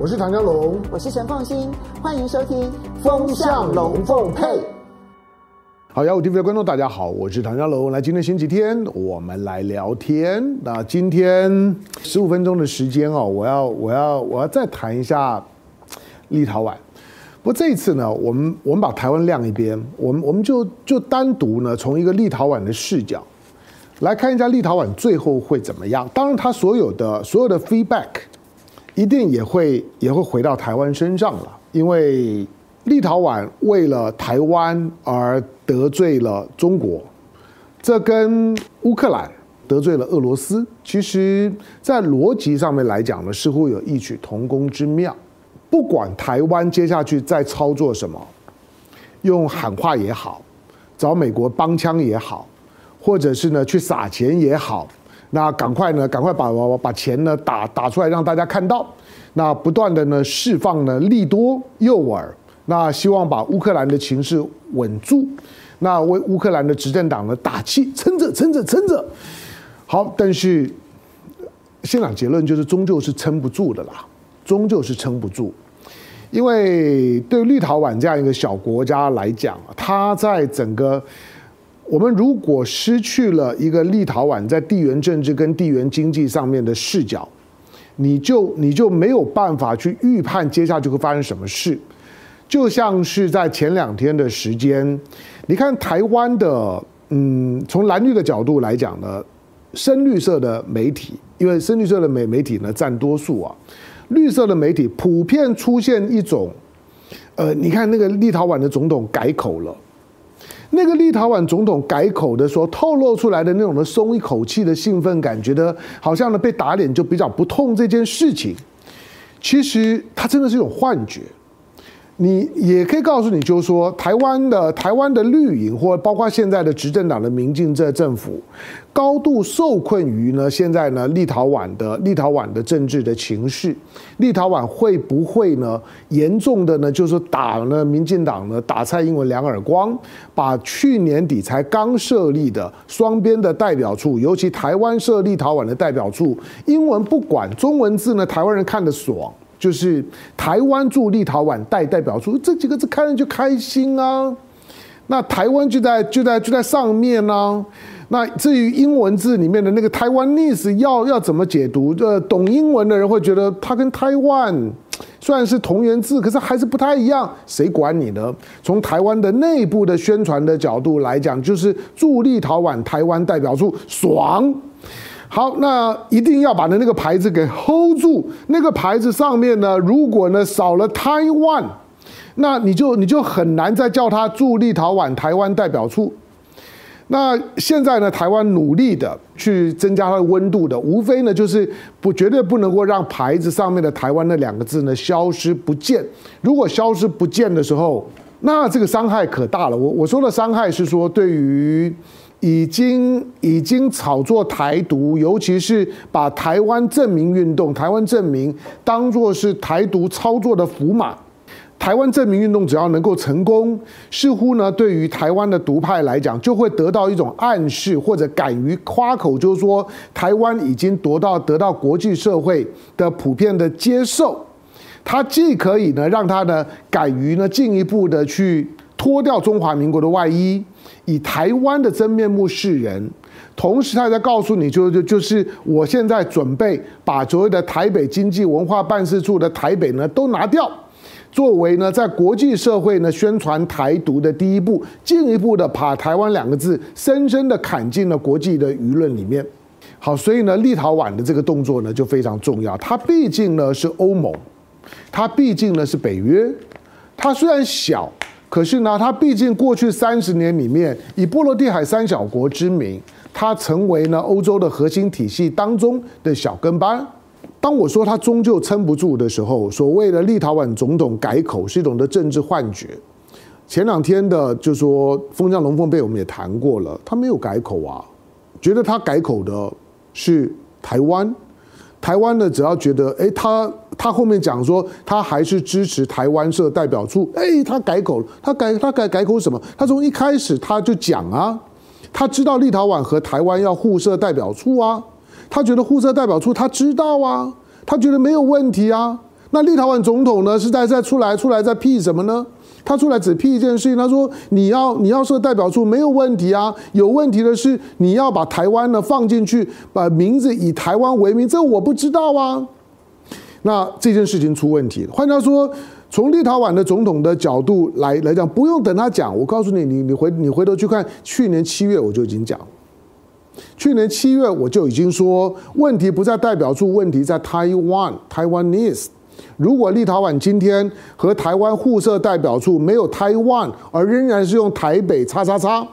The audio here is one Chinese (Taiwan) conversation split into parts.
我是唐家龍，我是陳鳳欣，歡迎收聽《風向龍鳳配》佩。好，幺五 T V 的觀眾大家好，我是唐家龍。來，今天星期天，我們來聊天。那今天十五分鐘的時間哦我，我要，我要，我要再談一下立陶宛。不過這一次呢，我們我們把台灣晾一邊，我們我們就就單獨呢，從一個立陶宛的視角來看一下立陶宛最後會怎麼樣。當然，它所有的所有的 feedback 一定也會也會回到台灣身上了，因為立陶宛為了台灣而得罪了中國，這跟烏克蘭得罪了俄羅斯，其實在邏輯上面來講呢，似乎有異曲同工之妙。不管台灣接下去再操作什麼，用喊話也好，找美國幫腔也好，或者是呢去撒錢也好。那趕快呢？趕快把把把錢呢打打出來，讓大家看到。那不斷的呢釋放呢利多誘餌，那希望把烏克蘭的情勢穩住，那為烏克蘭的執政黨呢打氣，撐着撐着撐着。好，但是現場結論就是終究是撐不住的啦，終究是撐不住，因為對立陶宛這樣一個小國家來講，它在整個。我們如果失去了一個立陶宛在地緣政治跟地緣經濟上面的視角，你就你就沒有辦法去預判接下來就會發生什麼事。就像是在前兩天的時間，你看台灣的，嗯，從藍綠的角度來講呢，深綠色的媒體，因為深綠色的媒媒體呢佔多數啊，綠色的媒體普遍出現一種，呃，你看那個立陶宛的總統改口了。那個立陶宛總統改口的時候，透露出來的那種的鬆一口氣的興奮感，覺得好像呢被打臉就比較不痛這件事情，其實他真的是有幻覺。你也可以告訴你，就是說，台灣的台灣的綠營，或包括現在的執政黨的民進政府，高度受困於呢現在呢立陶宛的立陶宛的政治的情緒。立陶宛會不會呢嚴重的呢就是打呢民進黨呢打蔡英文兩耳光，把去年底才剛設立的雙邊的代表處，尤其台灣設立立陶宛的代表處，英文不管中文字呢台灣人看得爽。就是台灣駐立陶宛代代表處這幾個字，看上去就開心啊！那台灣就在就在就在上面呢、啊。那至於英文字裡面的那個台“台灣 nis”，要要怎麼解讀？呃，懂英文的人會覺得它跟“台灣”雖然是同源字，可是還是不太一樣。誰管你呢？從台灣的內部的宣傳的角度來講，就是駐立陶宛台灣代表處，爽！好，那一定要把那個牌子給 hold 住。那個牌子上面呢，如果呢少了 “Taiwan”，那你就你就很難再叫他駐立陶宛台灣代表處。那現在呢，台灣努力的去增加它的溫度的，無非呢就是不絕對不能夠讓牌子上面的“台灣”那兩個字呢消失不見。如果消失不見的時候，那這個傷害可大了。我我說的傷害是說對於。已經已經炒作台獨，尤其是把台灣正名運動、台灣正名當作是台獨操作的符碼。台灣正名運動只要能夠成功，似乎呢對於台灣的獨派來講，就會得到一種暗示，或者敢於誇口，就是說台灣已經得到得到國際社會的普遍的接受。它既可以呢讓它呢敢於呢進一步的去脫掉中華民國的外衣。以台灣的真面目示人，同時他在告訴你、就是，就就就是我現在準備把所謂的台北經濟文化辦事處的台北呢都拿掉，作為呢在國際社會呢宣傳台獨的第一步，進一步的把“台灣”兩個字深深的砍進了國際的輿論裡面。好，所以呢，立陶宛的這個動作呢就非常重要，它畢竟呢是歐盟，它畢竟呢是北約，它雖然小。可是呢，他畢竟過去三十年裡面，以波羅的海三小國之名，他成為呢歐洲的核心體系當中的小跟班。當我說他終究撐不住的時候，所謂的立陶宛總統改口是一種的政治幻覺。前兩天的就說風向龍鳳配我們也談過了，他沒有改口啊，覺得他改口的，是台灣。台灣呢只要覺得，誒、欸，他他後面講說，他還是支持台灣設代表處，誒、欸，他改口，他改他改他改，改口什麼？他從一開始他就講啊，他知道立陶宛和台灣要互設代表處啊，他覺得互設代表處他知道啊，他覺得沒有問題啊。那立陶宛總統呢，是在在出來出來在屁什麼呢？他出來只批一件事情，他說你要你要說代表處沒有問題啊，有問題的是你要把台灣呢放進去，把名字以台灣為名，這我不知道啊。那這件事情出問題了，換句話說，從立陶宛的總統的角度來來講，不用等他講，我告訴你，你你回你回頭去看，去年七月我就已經講，去年七月我就已經說，問題不在代表處，問題在 Taiwan，Taiwanese。台灣 ese, 如果立陶宛今天和台灣互設代表處沒有“台灣”，而仍然是用台北“叉叉叉”，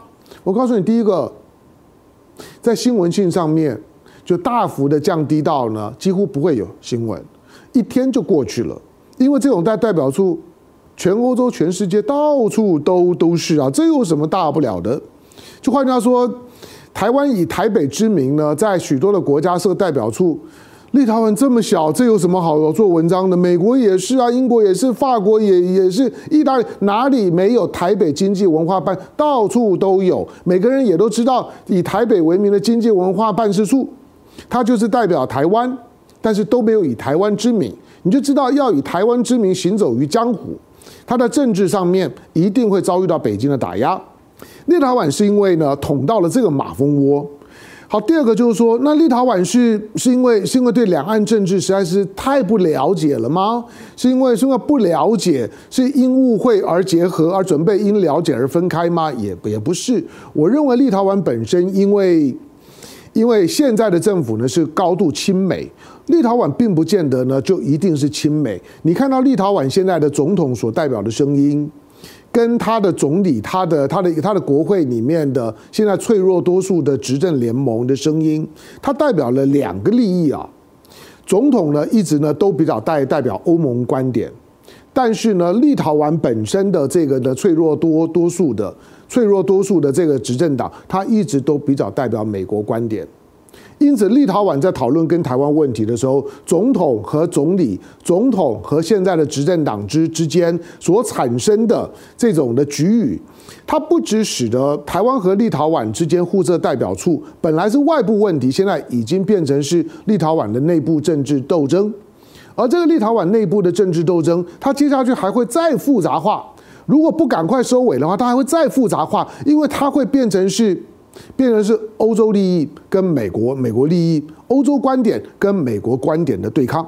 我告訴你，第一個，在新聞性上面就大幅的降低到呢，幾乎不會有新聞，一天就過去了。因為這種代代表處，全歐洲、全世界到處都都是啊，這有什麼大不了的？就換句話說，台灣以台北之名呢，在許多的國家設代表處。立陶宛這麼小，這有什麼好做文章的？美國也是啊，英國也是，法國也也是，意大利哪裡沒有台北經濟文化辦？到處都有，每個人也都知道，以台北為名的經濟文化辦事處，它就是代表台灣，但是都沒有以台灣之名。你就知道，要以台灣之名行走於江湖，它的政治上面一定會遭遇到北京的打壓。立陶宛是因為呢捅到了這個馬蜂窩。好，第二個就是說，那立陶宛是是因為是因為對兩岸政治實在是太不了解了嗎？是因為是因為不了解，是因誤會而結合而準備因了解而分開嗎？也也不是。我認為立陶宛本身因為因為現在的政府呢，是高度親美，立陶宛並不見得呢就一定是親美。你看到立陶宛現在的總統所代表的聲音，跟他的總理、他的、他的、他的國會裡面的現在脆弱多數的執政聯盟的聲音，他代表了兩個利益啊。總統呢，一直呢都比較代代表歐盟觀點，但是呢，立陶宛本身的這個呢脆弱多多數的脆弱多數的這個執政黨，他一直都比較代表美國觀點。因此，立陶宛在討論跟台灣問題的時候，總統和總理、總統和現在的執政黨之之間所產生的這種的齟齬，它不只使得台灣和立陶宛之間互設代表處，本來是外部問題，現在已經變成是立陶宛的內部政治鬥爭。而這個立陶宛內部的政治鬥爭，它接下去還會再複雜化。如果不趕快收尾的話，它還會再複雜化，因為它會變成是。變成是歐洲利益跟美國美國利益、歐洲觀點跟美國觀點的對抗。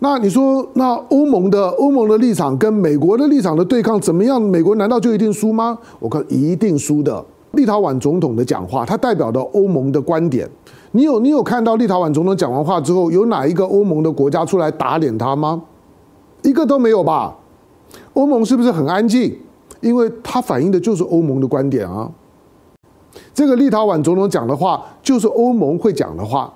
那你說，那歐盟的歐盟的立場跟美國的立場的對抗怎麼樣？美國難道就一定輸嗎？我看一定輸的。立陶宛總統的講話，他代表的歐盟的觀點。你有你有看到立陶宛總統講完話之後，有哪一個歐盟的國家出來打臉他嗎？一個都沒有吧？歐盟是不是很安靜？因為它反映的就是歐盟的觀點啊。這個立陶宛總統講的話，就是歐盟會講的話。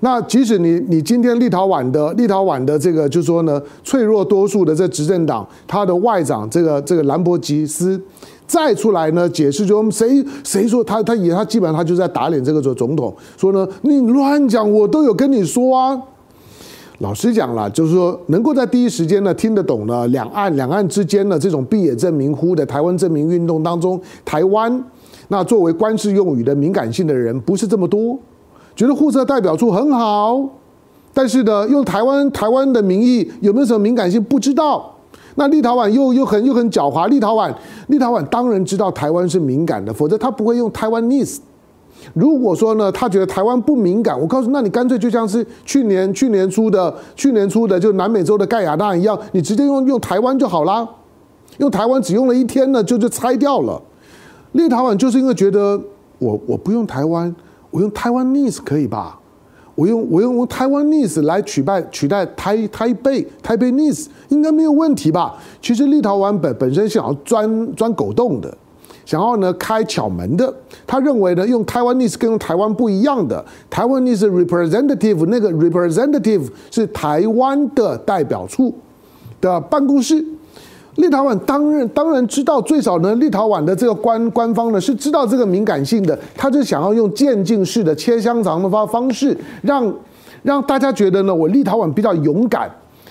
那即使你你今天立陶宛的立陶宛的這個，就是說呢，脆弱多數的這執政黨，他的外長這個這個蘭博吉斯再出來呢解釋就，說誰誰說他他以他基本上他就在打臉這個總統，說呢你亂講，我都有跟你說啊。老實講了，就是說能夠在第一時間呢聽得懂呢，兩岸兩岸之間的這種“必也正名乎的台灣正名運動當中，台灣。那作為官式用語的敏感性的人不是這麼多，覺得互設代表處很好，但是呢，用台灣台灣的名義有沒有什麼敏感性不知道，那立陶宛又又很又很狡猾，立陶宛立陶宛當然知道台灣是敏感的，否則他不會用 Taiwanese。如果說呢，他覺得台灣不敏感，我告訴你，那你乾脆就像是去年去年初的去年初的就南美洲的蓋亞那一樣，你直接用用台灣就好啦。用台灣只用了一天呢就就拆掉了。立陶宛就是因為覺得我我不用台灣，我用台灣 n i s 可以吧？我用我用台灣 n i s 來取代取代台台北台北 n i s 應該沒有問題吧？其實立陶宛本本身想要鑽鑽狗洞的，想要呢開巧門的，他認為呢用台灣 n i s 跟台灣不一樣的，台灣 ese Representative 那個 Representative 是台灣的代表處的辦公室。立陶宛當然當然知道，最少呢，立陶宛的這個官官方呢是知道這個敏感性的，他就想要用漸進式的切香腸的方方式，讓讓大家覺得呢，我立陶宛比較勇敢，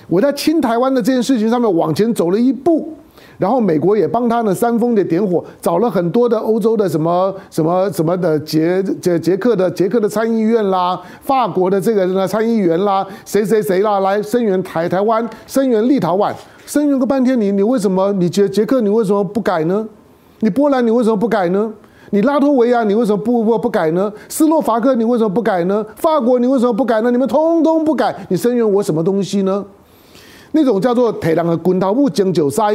我在親台灣的這件事情上面往前走了一步。然後美國也幫他呢，煽風點火，找了很多的歐洲的什麼什麼什麼的捷捷，捷克的捷克的參議院啦，法國的這個參議員啦，誰誰誰啦，來聲援台台灣，聲援立陶宛，聲援個半天，你你為什麼？你捷捷克你為什麼不改呢？你波蘭你為什麼不改呢？你拉脫維亞你為什麼不不不，不改呢？斯洛伐克你為什麼不改呢？法國你為什麼不改呢？你們通通不改，你聲援我什麼東西呢？那種叫做台灣的滾刀不將就塞。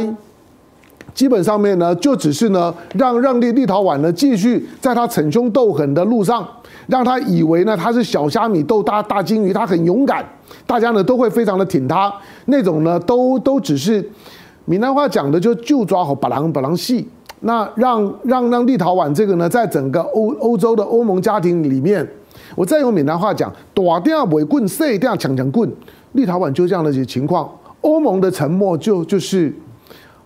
基本上面呢，就只是呢，讓讓立立陶宛呢繼續在他逞凶鬥狠的路上，讓他以為呢他是小蝦米鬥大大鯨魚，他很勇敢，大家呢都會非常的挺他。那種呢，都都只是，閩南話講的就就抓好把郎把郎戲。那讓讓讓立陶宛這個呢，在整個歐歐洲的歐盟家庭裡面，我再用閩南話講，剁掉尾棍，塞掉搶搶棍，立陶宛就這樣的情況。歐盟的沉默就就是。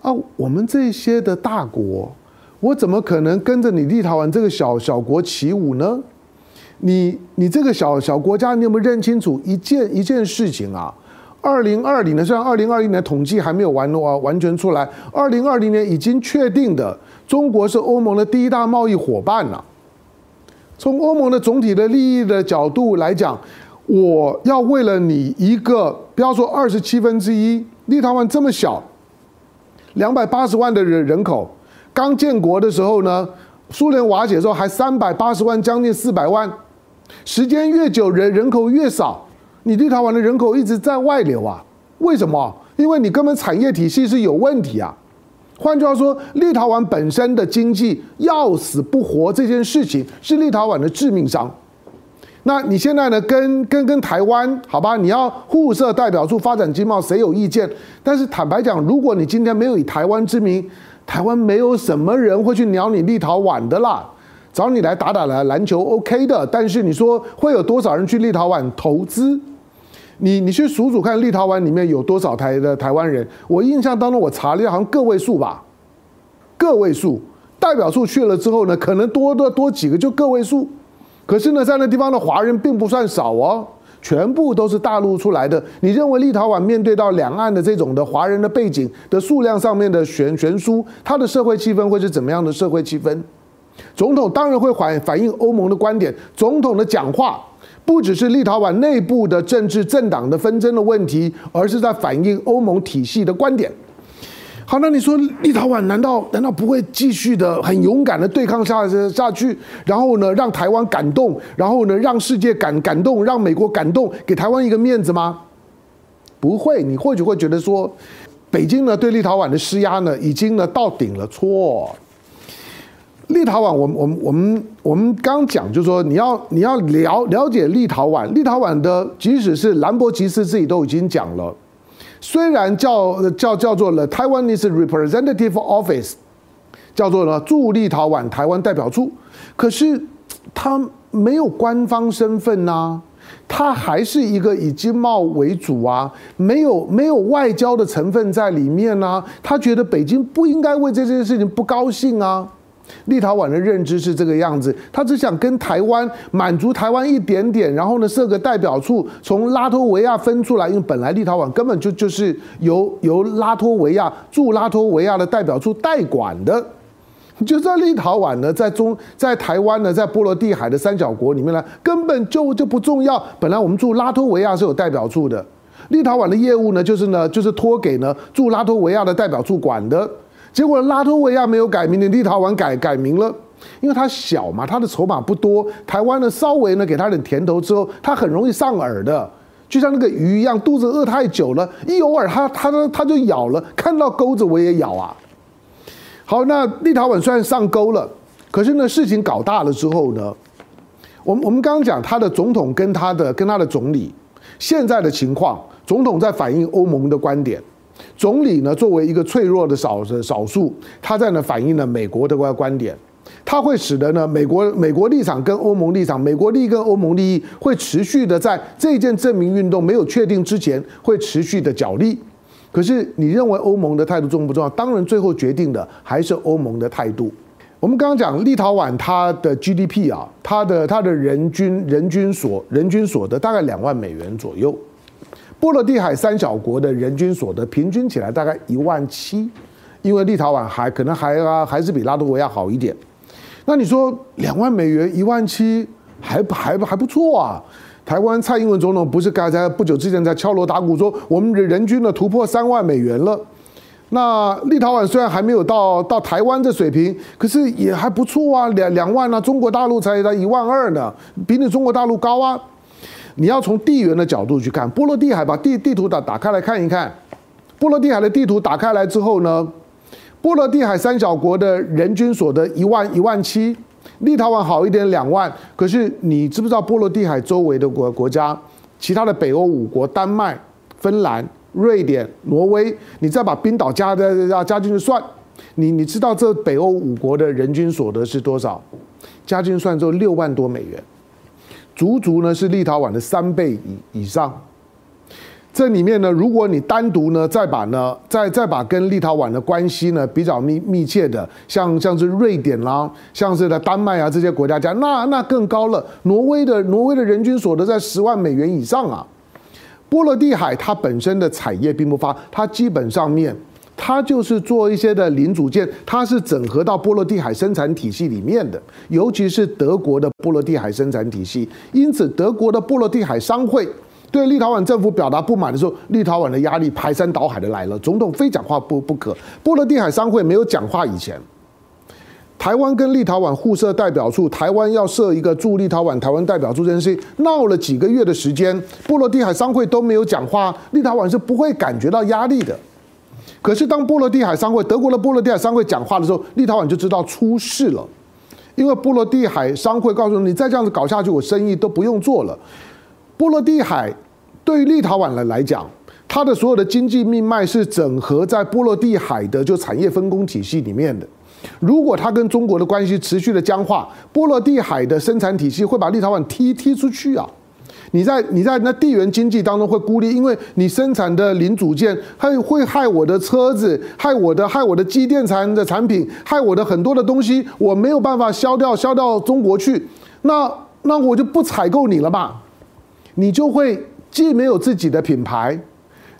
啊，我們這些的大國，我怎麼可能跟着你立陶宛這個小小國起舞呢？你你這個小小國家，你有沒有認清楚一件一件事情啊？二零二零年雖然二零二一年統計還沒有完完全出來。二零二零年已經確定的，中國是歐盟的第一大貿易伙伴了啊。從歐盟的總體的利益的角度來講，我要為了你一個，不要說二十七分之一，立陶宛這麼小。兩百八十萬的人人口，剛建國的時候呢，蘇聯瓦解的時候還三百八十萬，將近四百萬。時間越久人，人人口越少，你立陶宛的人口一直在外流啊，為什麼？因為你根本產業體系是有問題啊。換句話說，立陶宛本身的經濟要死不活這件事情，是立陶宛的致命傷。那你現在呢？跟跟跟台灣，好吧，你要互設代表處、發展經貿，誰有意見？但是坦白講，如果你今天沒有以台灣之名，台灣沒有什麼人會去鳥你立陶宛的啦，找你來打打籃球 OK 的。但是你說會有多少人去立陶宛投資？你你去數數看，立陶宛裡面有多少台的台灣人？我印象當中，我查了一下好像個位數吧。個位數代表處去了之後呢，可能多多多幾個就個位數。可是呢，在那地方的華人並不算少哦，全部都是大陸出來的。你認為立陶宛面對到兩岸的這種的華人的背景的數量上面的懸懸殊，他的社會氣氛會是怎麼樣的社會氣氛？總統當然會反反映歐盟的觀點。總統的講話不只是立陶宛內部的政治政黨的紛爭的問題，而是在反映歐盟體系的觀點。好，那你說立陶宛難道難道不會繼續的很勇敢的對抗下下去，然後呢讓台灣感動，然後呢讓世界感感動，讓美國感動，給台灣一個面子嗎？不會。你或許會覺得說，北京呢對立陶宛的施壓呢已經呢到頂了。錯、哦，立陶宛我們，我我我們我們剛剛講就是說你要你要了了解立陶宛，立陶宛的即使是蘭博基斯自己都已經講了。雖然叫叫叫做 The Taiwanese Representative Office，叫做呢駐立陶宛台灣代表處，可是他沒有官方身份吶、啊，他還是一個以經貿為主啊，沒有沒有外交的成分在裡面吶、啊，他覺得北京不應該為這件事情不高興啊。立陶宛的認知是這個樣子，他只想跟台灣滿足台灣一點點，然後呢設個代表處，從拉脫維亞分出來，因為本來立陶宛根本就就是由由拉脫維亞駐拉脫維亞的代表處代管的，你就在立陶宛呢，在中在台灣呢，在波羅的海的三小國裡面呢，根本就就不重要。本來我們駐拉脫維亞是有代表處的，立陶宛的業務呢，就是呢就是托給呢駐拉脫維亞的代表處管的。結果拉脫維亞沒有改名，你立陶宛改改名了，因為它小嘛，它的籌碼不多。台灣呢，稍微呢給它點甜頭之後，它很容易上餌的，就像那個魚一樣，肚子餓太久了，一有餌它它它就咬了，看到鈎子我也咬啊。好，那立陶宛雖然上鈎了，可是呢，事情搞大了之後呢，我們我們剛剛講他的總統跟他的跟他的總理現在的情況，總統在反映歐盟的觀點。總理呢，作為一個脆弱的少少數，他在那反映了美國的觀觀點，他會使得呢美國美國立場跟歐盟立場，美國利益跟歐盟利益會持續的在這一件證明運動沒有確定之前會持續的角力。可是你認為歐盟的態度重不重要？當然，最後決定的還是歐盟的態度。我們剛剛講立陶宛，它的 GDP 啊，它的它的人均人均所人均所得大概兩萬美元左右。波羅的海三小國的人均所得平均起來大概一萬七，因為立陶宛還可能還啊還是比拉脫維亞好一點。那你說兩萬美元一萬七還還還不錯啊？台灣蔡英文總統不是剛才不久之前在敲鑼打鼓說，我們的人均呢突破三萬美元了？那立陶宛雖然還沒有到到台灣的水平，可是也還不錯啊，兩兩萬啊，中國大陸才到一萬二呢，比你中國大陸高啊。你要從地緣的角度去看波羅的海，把地地圖打打開來看一看，波羅的海的地圖打開來之後呢，波羅的海三小國的人均所得一萬一萬七，立陶宛好一點兩萬，可是你知不知道波羅的海周圍的國國家，其他的北歐五國，丹麥、芬蘭、瑞典、挪威，你再把冰島加的加加進去算，你你知道這北歐五國的人均所得是多少？加進去算之後六萬多美元。足足呢是立陶宛的三倍以以上。這裡面呢，如果你單獨呢再把呢再再把跟立陶宛的關係呢比較密密切的，像像是瑞典啦、啊，像是丹麥啊這些國家加，那那更高了。挪威的挪威的人均所得在十萬美元以上啊。波羅的海它本身的產業並不發，它基本上面。它就是做一些的零組件，它是整合到波羅的海生產體系裡面的，尤其是德國的波羅的海生產體系。因此，德國的波羅的海商會對立陶宛政府表達不滿的時候，立陶宛的壓力排山倒海的來了。總統非講話不不可。波羅的海商會沒有講話以前，台灣跟立陶宛互設代表處，台灣要設一個駐立陶宛台灣代表處這件事情，京系，鬧了幾個月的時間，波羅的海商會都沒有講話，立陶宛是不會感覺到壓力的。可是當波羅的海商會，德國的波羅的海商會講話的時候，立陶宛就知道出事了，因為波羅的海商會告訴你，再這樣子搞下去，我生意都不用做了。波羅的海對於立陶宛來來講，它的所有的經濟命脈是整合在波羅的海的就產業分工體系裡面的。如果它跟中國的關係持續的僵化，波羅的海的生產體系會把立陶宛踢踢出去啊。你在你在那地緣經濟當中會孤立，因為你生產的零組件會會害我的車子，害我的害我的機電產的產品，害我的很多的東西，我沒有辦法銷掉，銷到中國去，那那我就不採購你了吧，你就會既沒有自己的品牌，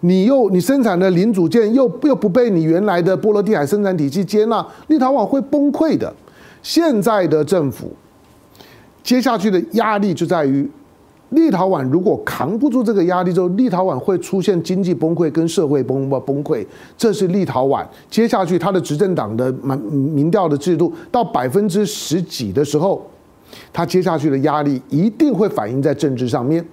你又你生產的零組件又又不被你原來的波羅的海生產體系接納，立陶宛會崩潰的。現在的政府接下去的壓力就在於，立陶宛如果扛不住這個壓力之後，立陶宛會出現經濟崩潰跟社會崩崩崩潰。這是立陶宛接下去他的執政黨的民民調的制度到百分之十幾的時候，他接下去的壓力一定會反映在政治上面。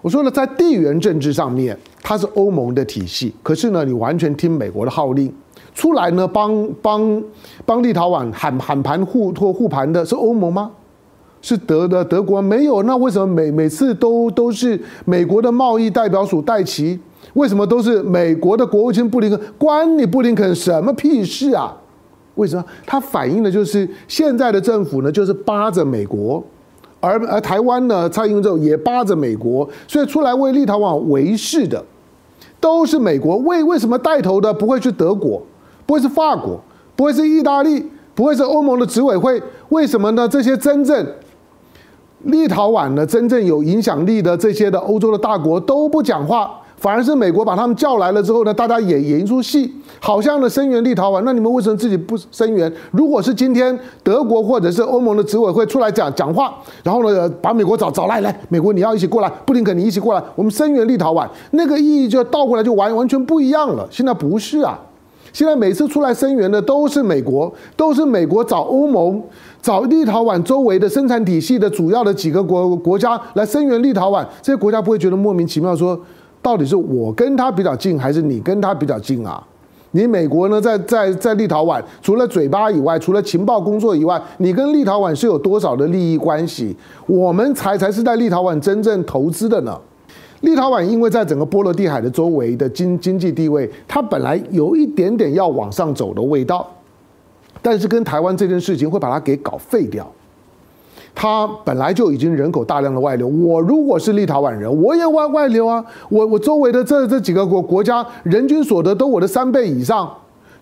我說了，在地緣政治上面，它是歐盟的體系，可是呢，你完全聽美國的號令，出來呢幫幫幫立陶宛喊喊盤護托護盤的是歐盟嗎？是德的德國沒有，那為什麼每每次都都是美國的貿易代表署戴琪？為什麼都是美國的國務卿布林肯？關你布林肯什麼屁事啊？為什麼？他反映的就是現在的政府呢，就是扒着美國，而而台灣呢，蔡英文政府也扒着美國，所以出來為立陶宛維事的都是美國。為為什麼帶頭的不會是德國，不會是法國，不會是意大利，不會是歐盟的執委會？為什麼呢？這些真正立陶宛呢，真正有影響力的這些的歐洲的大國都不講話，反而是美國把他們叫來了之後呢，大家也演一出戲，好像呢聲援立陶宛，那你們為什麼自己不聲援？如果是今天德國或者是歐盟的執委會出來講講話，然後呢把美國找找來，來美國你要一起過來，布林肯你一起過來，我們聲援立陶宛，那個意義就倒過來就完完全不一樣了。現在不是啊。現在每次出來聲援的都是美國，都是美國找歐盟、找立陶宛周圍的生產體系的主要的幾個國國家來聲援立陶宛，這些國家不會覺得莫名其妙說，說到底是我跟他比較近，還是你跟他比較近啊？你美國呢，在在在立陶宛，除了嘴巴以外，除了情報工作以外，你跟立陶宛是有多少的利益關係？我們才才是在立陶宛真正投資的呢？立陶宛因為在整個波羅的海的周圍的經經濟地位，它本來有一點點要往上走的味道，但是跟台灣這件事情會把它給搞廢掉。它本來就已經人口大量的外流，我如果是立陶宛人，我也外外流啊！我我周圍的這這幾個國國家，人均所得都我的三倍以上，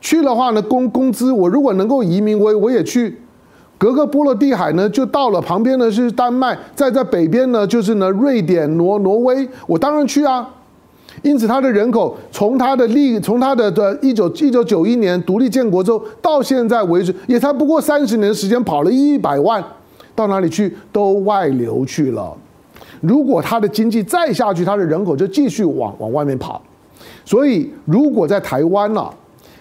去的話呢，工工資我如果能夠移民我，我我也去。隔個波羅的海呢，就到了旁邊呢是丹麥，再在北邊呢就是呢瑞典、挪挪威。我當然去啊，因此他的人口從他的歷從他的的一九一九九一年獨立建國之後到現在為止，也才不過三十年時間，跑了一百萬，到哪裡去都外流去了。如果他的經濟再下去，他的人口就繼續往往外面跑。所以如果在台灣呢、啊？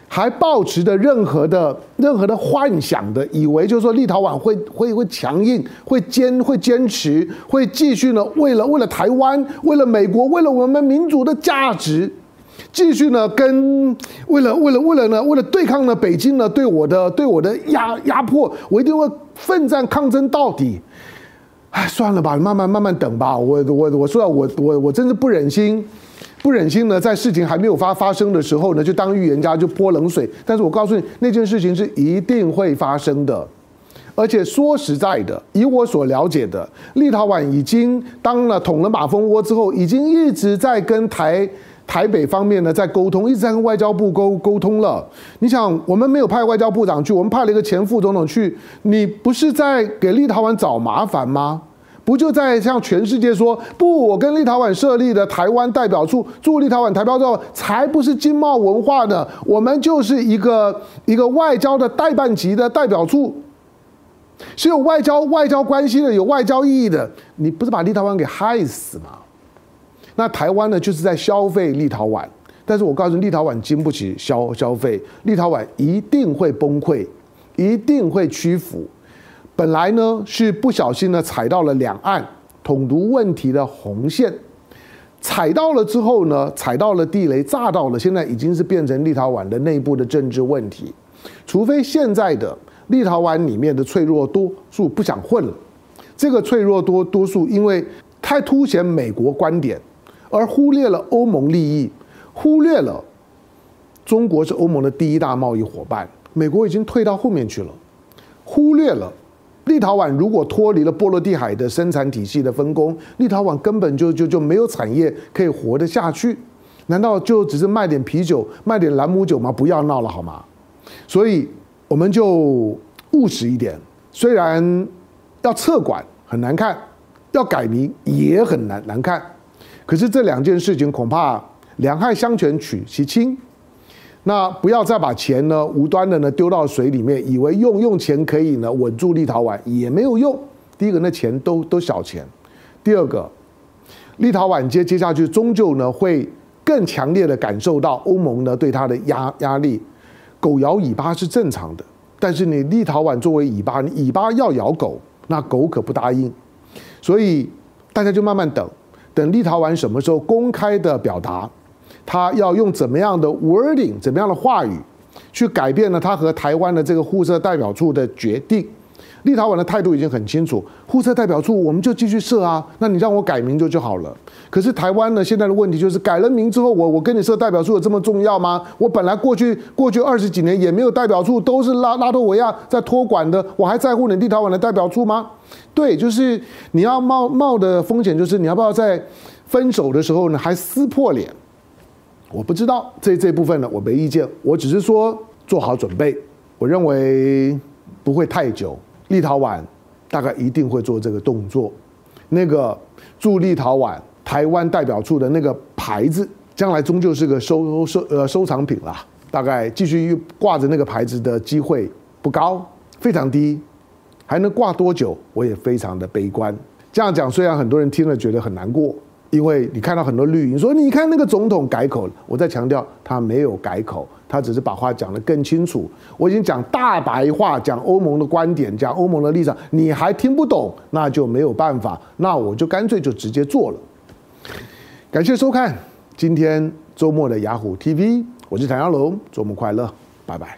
還抱持著任何的任何的幻想的，以為就是說立陶宛會會會強硬，會堅會堅持，會繼續呢，為了為了台灣，為了美國，為了我們民族的價值，繼續呢跟為了為了為了呢為了對抗呢北京呢對我的對我的壓壓迫，我一定會奮戰抗爭到底。哎，算了吧，慢慢慢慢等吧。我我我說到我我我真是不忍心。不忍心呢，在事情還沒有發發生的時候呢，就當預言家就潑冷水。但是我告訴你，那件事情是一定會發生的。而且說實在的，以我所了解的，立陶宛已經當了捅了馬蜂窩之後，已經一直在跟台台北方面呢在溝通，一直在跟外交部溝溝通了。你想，我們沒有派外交部長去，我們派了一個前副總統去，你不是在給立陶宛找麻煩嗎？不就在向全世界說不？我跟立陶宛設立的台灣代表處，駐立陶宛台標之後，才不是經貿文化的，我們就是一個一個外交的代辦級的代表處，是有外交外交關係的，有外交意義的。你不是把立陶宛給害死嗎？那台灣呢，就是在消費立陶宛，但是我告訴你立陶宛，經不起消消費，立陶宛一定會崩潰，一定會屈服。本來呢是不小心呢踩到了兩岸統獨問題的紅線，踩到了之後呢，踩到了地雷，炸到了，現在已經是變成立陶宛的內部的政治問題。除非現在的立陶宛裡面的脆弱多數不想混了，這個脆弱多多數因為太凸顯美國觀點，而忽略了歐盟利益，忽略了中國是歐盟的第一大貿易夥伴，美國已經退到後面去了，忽略了。立陶宛如果脫離了波羅的海的生產體系的分工，立陶宛根本就就就沒有產業可以活得下去。難道就只是賣點啤酒、賣點朗姆酒嗎？不要鬧了好嗎？所以我們就務實一點，雖然要撤館很難看，要改名也很難難看，可是這兩件事情恐怕兩害相權取其輕。那不要再把錢呢無端的呢丟到水裡面，以為用用錢可以呢穩住立陶宛也沒有用。第一個，那錢都都小錢；第二個，立陶宛接接下去終究呢會更強烈的感受到歐盟呢對它的壓壓力。狗咬尾巴是正常的，但是你立陶宛作為尾巴，你尾巴要咬狗，那狗可不答應。所以大家就慢慢等，等立陶宛什麼時候公開的表達。他要用怎麼樣的 wording，怎麼樣的話語，去改變了他和台灣的這個互設代表處的決定，立陶宛的態度已經很清楚。互設代表處，我們就繼續設啊。那你讓我改名就就好了。可是台灣呢，現在的問題就是改了名之後，我我跟你設代表處有這麼重要嗎？我本來過去過去二十幾年也沒有代表處，都是拉拉脫維亞在托管的，我還在乎你立陶宛的代表處嗎？對，就是你要冒冒的風險，就是你要不要在分手的時候呢，還撕破臉？我不知道這這部分呢，我沒意見。我只是說做好準備。我認為不會太久，立陶宛大概一定會做這個動作。那個駐立陶宛台灣代表處的那個牌子，將來終究是個收收呃收藏品啦，大概繼續掛着那個牌子的機會不高，非常低。還能掛多久？我也非常的悲觀。這樣講，雖然很多人聽了覺得很難過。因為你看到很多綠營說，你看那個總統改口了，我在強調他沒有改口，他只是把話講得更清楚。我已經講大白話，講歐盟的觀點，講歐盟的立場，你還聽不懂，那就沒有辦法，那我就乾脆就直接做了。感謝收看今天週末的雅虎 TV，我是唐湘龍，週末快樂，拜拜。